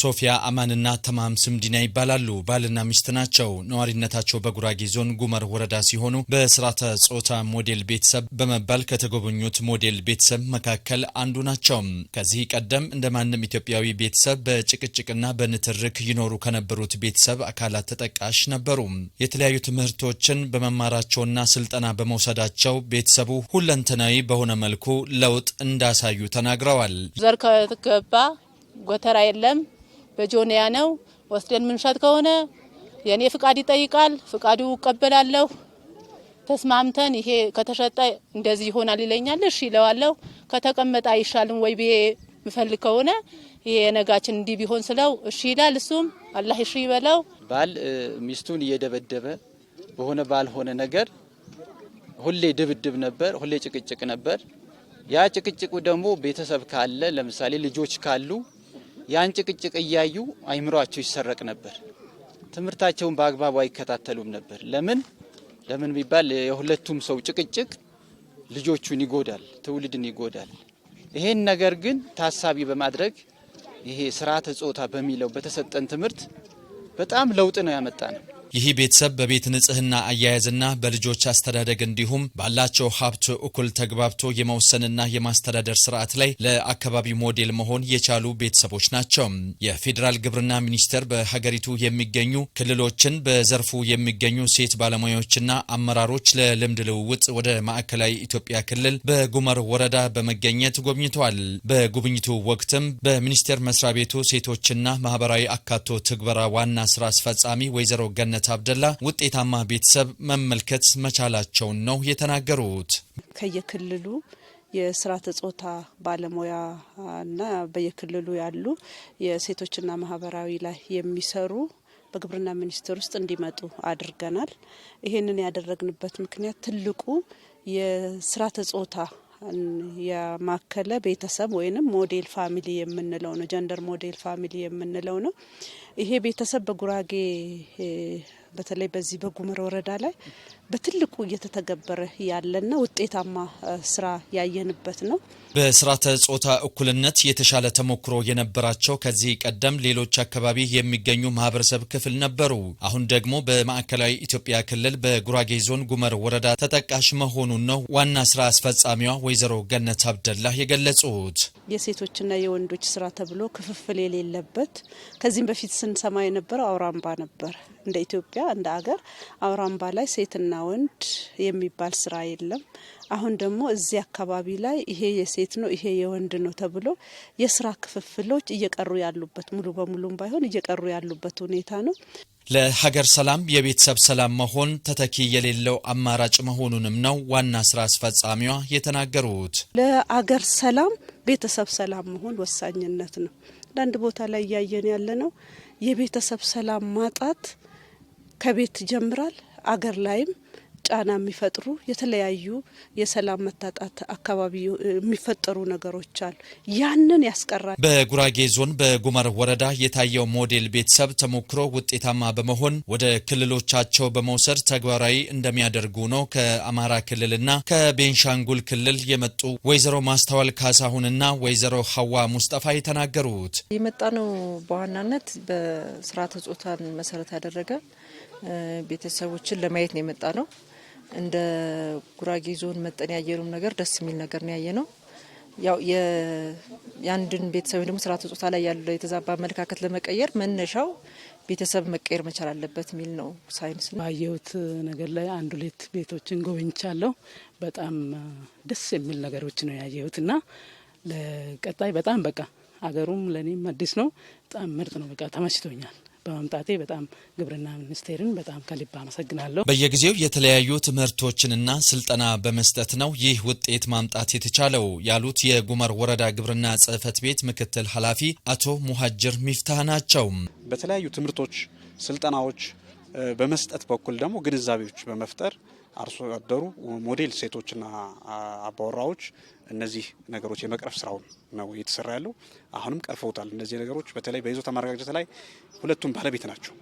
ሶፊያ አማንና ተማም ስምዲና ይባላሉ። ባልና ሚስት ናቸው። ነዋሪነታቸው በጉራጌ ዞን ጉመር ወረዳ ሲሆኑ በስርዓተ ጾታ ሞዴል ቤተሰብ በመባል ከተጎበኙት ሞዴል ቤተሰብ መካከል አንዱ ናቸው። ከዚህ ቀደም እንደ ማንም ኢትዮጵያዊ ቤተሰብ በጭቅጭቅና በንትርክ ይኖሩ ከነበሩት ቤተሰብ አካላት ተጠቃሽ ነበሩ። የተለያዩ ትምህርቶችን በመማራቸውና ስልጠና በመውሰዳቸው ቤተሰቡ ሁለንተናዊ በሆነ መልኩ ለውጥ እንዳሳዩ ተናግረዋል። ዘር ከገባ ጎተራ የለም በጆንያ ነው ወስደን ምንሸጥ ከሆነ የኔ ፍቃድ ይጠይቃል። ፍቃዱ እቀበላለሁ። ተስማምተን ይሄ ከተሸጠ እንደዚህ ይሆናል ይለኛል። እሺ ይለዋለሁ። ከተቀመጠ አይሻልም ወይ ብዬ ምፈልግ ከሆነ ይሄ ነጋችን እንዲህ ቢሆን ስለው እሺ ይላል። እሱም አላህ እሺ ይበለው። ባል ሚስቱን እየደበደበ በሆነ ባልሆነ ነገር ሁሌ ድብድብ ነበር፣ ሁሌ ጭቅጭቅ ነበር። ያ ጭቅጭቁ ደግሞ ቤተሰብ ካለ ለምሳሌ ልጆች ካሉ ያን ጭቅጭቅ እያዩ አይምሯቸው ይሰረቅ ነበር። ትምህርታቸውን በአግባቡ አይከታተሉም ነበር። ለምን ለምን ቢባል የሁለቱም ሰው ጭቅጭቅ ልጆቹን ይጎዳል፣ ትውልድን ይጎዳል። ይሄን ነገር ግን ታሳቢ በማድረግ ይሄ ስርዓተ ጾታ በሚለው በተሰጠን ትምህርት በጣም ለውጥ ነው ያመጣ ነው። ይህ ቤተሰብ በቤት ንጽህና አያያዝና በልጆች አስተዳደግ እንዲሁም ባላቸው ሀብት እኩል ተግባብቶ የመወሰንና የማስተዳደር ስርዓት ላይ ለአካባቢ ሞዴል መሆን የቻሉ ቤተሰቦች ናቸው። የፌዴራል ግብርና ሚኒስቴር በሀገሪቱ የሚገኙ ክልሎችን በዘርፉ የሚገኙ ሴት ባለሙያዎችና አመራሮች ለልምድ ልውውጥ ወደ ማዕከላዊ ኢትዮጵያ ክልል በጉመር ወረዳ በመገኘት ጎብኝተዋል። በጉብኝቱ ወቅትም በሚኒስቴር መስሪያ ቤቱ ሴቶችና ማህበራዊ አካቶ ትግበራ ዋና ስራ አስፈጻሚ ወይዘሮ ገነ ገነት አብደላ ውጤታማ ቤተሰብ መመልከት መቻላቸውን ነው የተናገሩት። ከየክልሉ የስርዓተ ጾታ ባለሙያና በየክልሉ ያሉ የሴቶችና ማህበራዊ ላይ የሚሰሩ በግብርና ሚኒስቴር ውስጥ እንዲመጡ አድርገናል። ይሄንን ያደረግንበት ምክንያት ትልቁ የስርዓተ ጾታ ያማከለ ቤተሰብ ወይንም ሞዴል ፋሚሊ የምንለው ነው። ጀንደር ሞዴል ፋሚሊ የምንለው ነው። ይሄ ቤተሰብ በጉራጌ በተለይ በዚህ በጉመር ወረዳ ላይ በትልቁ እየተተገበረ ያለና ውጤታማ ስራ ያየንበት ነው። በስርዓተ ጾታ እኩልነት የተሻለ ተሞክሮ የነበራቸው ከዚህ ቀደም ሌሎች አካባቢ የሚገኙ ማህበረሰብ ክፍል ነበሩ። አሁን ደግሞ በማዕከላዊ ኢትዮጵያ ክልል በጉራጌ ዞን ጉመር ወረዳ ተጠቃሽ መሆኑን ነው ዋና ስራ አስፈጻሚዋ ወይዘሮ ገነት አብደላ የገለጹት። የሴቶችና የወንዶች ስራ ተብሎ ክፍፍል የሌለበት ከዚህም በፊት ስንሰማ የነበረው አውራምባ ነበር። እንደ ኢትዮጵያ እንደ አገር አውራምባ ላይ ሴትና ወንድ የሚባል ስራ የለም። አሁን ደግሞ እዚህ አካባቢ ላይ ይሄ የሴት ነው፣ ይሄ የወንድ ነው ተብሎ የስራ ክፍፍሎች እየቀሩ ያሉበት ሙሉ በሙሉም ባይሆን እየቀሩ ያሉበት ሁኔታ ነው። ለሀገር ሰላም የቤተሰብ ሰላም መሆን ተተኪ የሌለው አማራጭ መሆኑንም ነው ዋና ስራ አስፈጻሚዋ የተናገሩት። ለአገር ሰላም ቤተሰብ ሰላም መሆን ወሳኝነት ነው። አንዳንድ ቦታ ላይ እያየን ያለ ነው የቤተሰብ ሰላም ማጣት ከቤት ይጀምራል አገር ላይም ጫና የሚፈጥሩ የተለያዩ የሰላም መታጣት አካባቢ የሚፈጠሩ ነገሮች አሉ። ያንን ያስቀራል። በጉራጌ ዞን በጉመር ወረዳ የታየው ሞዴል ቤተሰብ ተሞክሮ ውጤታማ በመሆን ወደ ክልሎቻቸው በመውሰድ ተግባራዊ እንደሚያደርጉ ነው ከአማራ ክልልና ከቤንሻንጉል ክልል የመጡ ወይዘሮ ማስተዋል ካሳሁንና ወይዘሮ ሀዋ ሙስጠፋ የተናገሩት። የመጣ ነው በዋናነት በስርዓተ ጾታን መሰረት ያደረገ ቤተሰቦችን ለማየት ነው የመጣ ነው። እንደ ጉራጌ ዞን መጠን ያየነውም ነገር ደስ የሚል ነገር ነው ያየ ነው። ያው የአንድን ቤተሰብ ደግሞ ስርዓተ ጾታ ላይ ያለ የተዛባ አመለካከት ለመቀየር መነሻው ቤተሰብ መቀየር መቻል አለበት የሚል ነው ሳይንስ። ባየሁት ነገር ላይ አንድ ሁለት ቤቶችን ጎብኝቻለሁ። በጣም ደስ የሚል ነገሮች ነው ያየሁት እና ለቀጣይ በጣም በቃ ሀገሩም ለእኔም አዲስ ነው። በጣም ምርጥ ነው። በቃ ተመችቶኛል። በማምጣቴ በጣም ግብርና ሚኒስቴርን በጣም ከልብ አመሰግናለሁ። በየጊዜው የተለያዩ ትምህርቶችንና ስልጠና በመስጠት ነው ይህ ውጤት ማምጣት የተቻለው ያሉት የጉመር ወረዳ ግብርና ጽህፈት ቤት ምክትል ኃላፊ አቶ ሙሀጅር ሚፍታህ ናቸው። በተለያዩ ትምህርቶች፣ ስልጠናዎች በመስጠት በኩል ደግሞ ግንዛቤዎች በመፍጠር አርሶ አደሩ ሞዴል ሴቶችና አባወራዎች እነዚህ ነገሮች የመቅረፍ ስራውን ነው እየተሰራ ያለው። አሁንም ቀርፈውታል። እነዚህ ነገሮች በተለይ በይዞታ ማረጋገጥ ላይ ሁለቱም ባለቤት ናቸው።